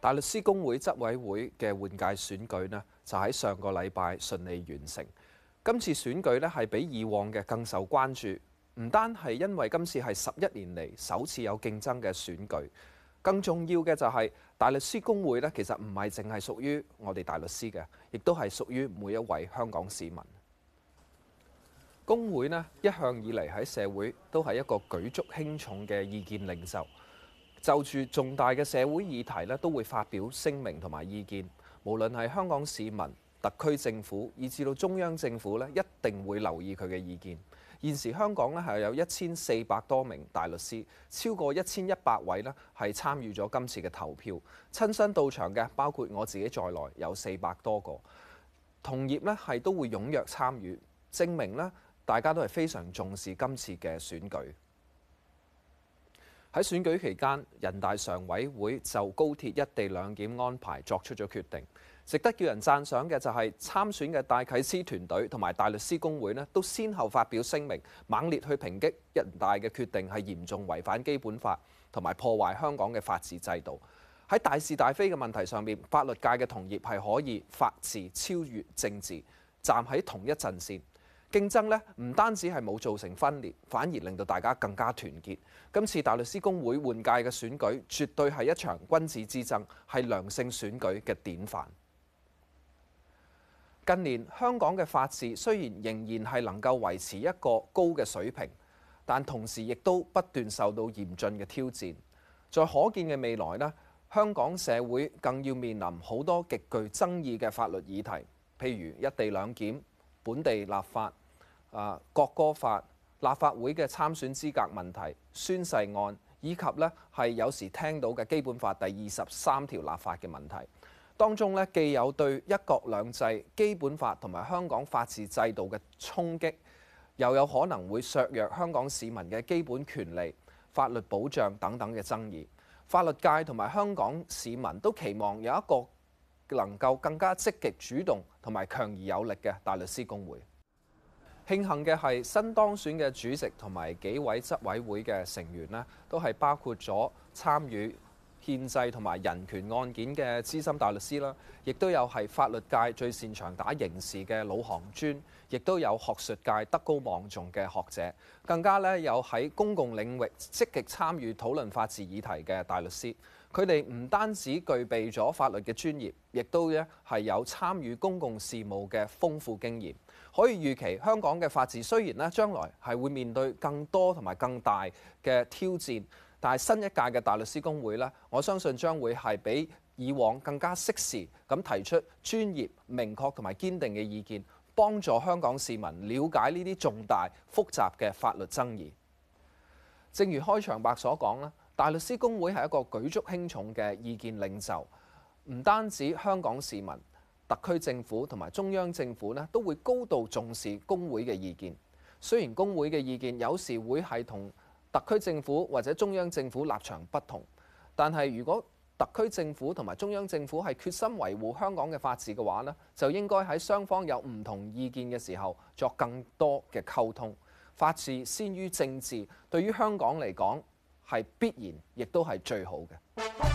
大律師公會執委會嘅換屆選舉呢，就喺上個禮拜順利完成。今次選舉呢，係比以往嘅更受關注。唔單係因為今次係十一年嚟首次有競爭嘅選舉，更重要嘅就係、是、大律師公會呢，其實唔係淨係屬於我哋大律師嘅，亦都係屬於每一位香港市民。公會呢一向以嚟喺社會都係一個舉足輕重嘅意見領袖。就住重大嘅社會議題呢，都會發表聲明同埋意見。無論係香港市民、特區政府，以至到中央政府呢，一定會留意佢嘅意見。現時香港呢係有一千四百多名大律師，超過一千一百位呢係參與咗今次嘅投票，親身到場嘅包括我自己在內有四百多個，同業呢係都會踴躍參與，證明呢大家都係非常重視今次嘅選舉。喺選舉期間，人大常委會就高鐵一地兩檢安排作出咗決定。值得叫人讚賞嘅就係、是、參選嘅戴啟思團隊同埋大律師公會呢都先後發表聲明，猛烈去抨擊人大嘅決定係嚴重違反基本法同埋破壞香港嘅法治制度。喺大是大非嘅問題上面，法律界嘅同業係可以法治超越政治，站喺同一陣線。競爭呢唔單止係冇造成分裂，反而令到大家更加團結。今次大律師公會換屆嘅選舉，絕對係一場君子之爭，係良性選舉嘅典範。近年香港嘅法治雖然仍然係能夠維持一個高嘅水平，但同時亦都不斷受到嚴峻嘅挑戰。在可見嘅未來呢，香港社會更要面臨好多極具爭議嘅法律議題，譬如一地兩檢、本地立法、誒國歌法、立法會嘅參選資格問題、宣誓案，以及呢係有時聽到嘅《基本法》第二十三條立法嘅問題，當中呢，既有對一國兩制、基本法同埋香港法治制度嘅衝擊，又有可能會削弱香港市民嘅基本權利、法律保障等等嘅爭議。法律界同埋香港市民都期望有一個能夠更加積極主動同埋強而有力嘅大律師公會。慶幸嘅係新當選嘅主席同埋幾位執委會嘅成員呢，都係包括咗參與憲制同埋人權案件嘅資深大律師啦，亦都有係法律界最擅長打刑事嘅老行尊，亦都有學術界德高望重嘅學者，更加咧有喺公共領域積極參與討論法治議題嘅大律師。佢哋唔單止具備咗法律嘅專業，亦都咧係有參與公共事務嘅豐富經驗。可以預期，香港嘅法治雖然咧將來係會面對更多同埋更大嘅挑戰。但係新一屆嘅大律師公會呢，我相信將會係比以往更加適時咁提出專業、明確同埋堅定嘅意見，幫助香港市民了解呢啲重大複雜嘅法律爭議。正如開場白所講，大律師公會係一個舉足輕重嘅意見領袖，唔單止香港市民、特區政府同埋中央政府呢，都會高度重視公會嘅意見。雖然公會嘅意見有時會係同特區政府或者中央政府立場不同，但係如果特區政府同埋中央政府係決心維護香港嘅法治嘅話呢，就應該喺雙方有唔同意見嘅時候作更多嘅溝通，法治先於政治，對於香港嚟講，係必然，亦都係最好嘅。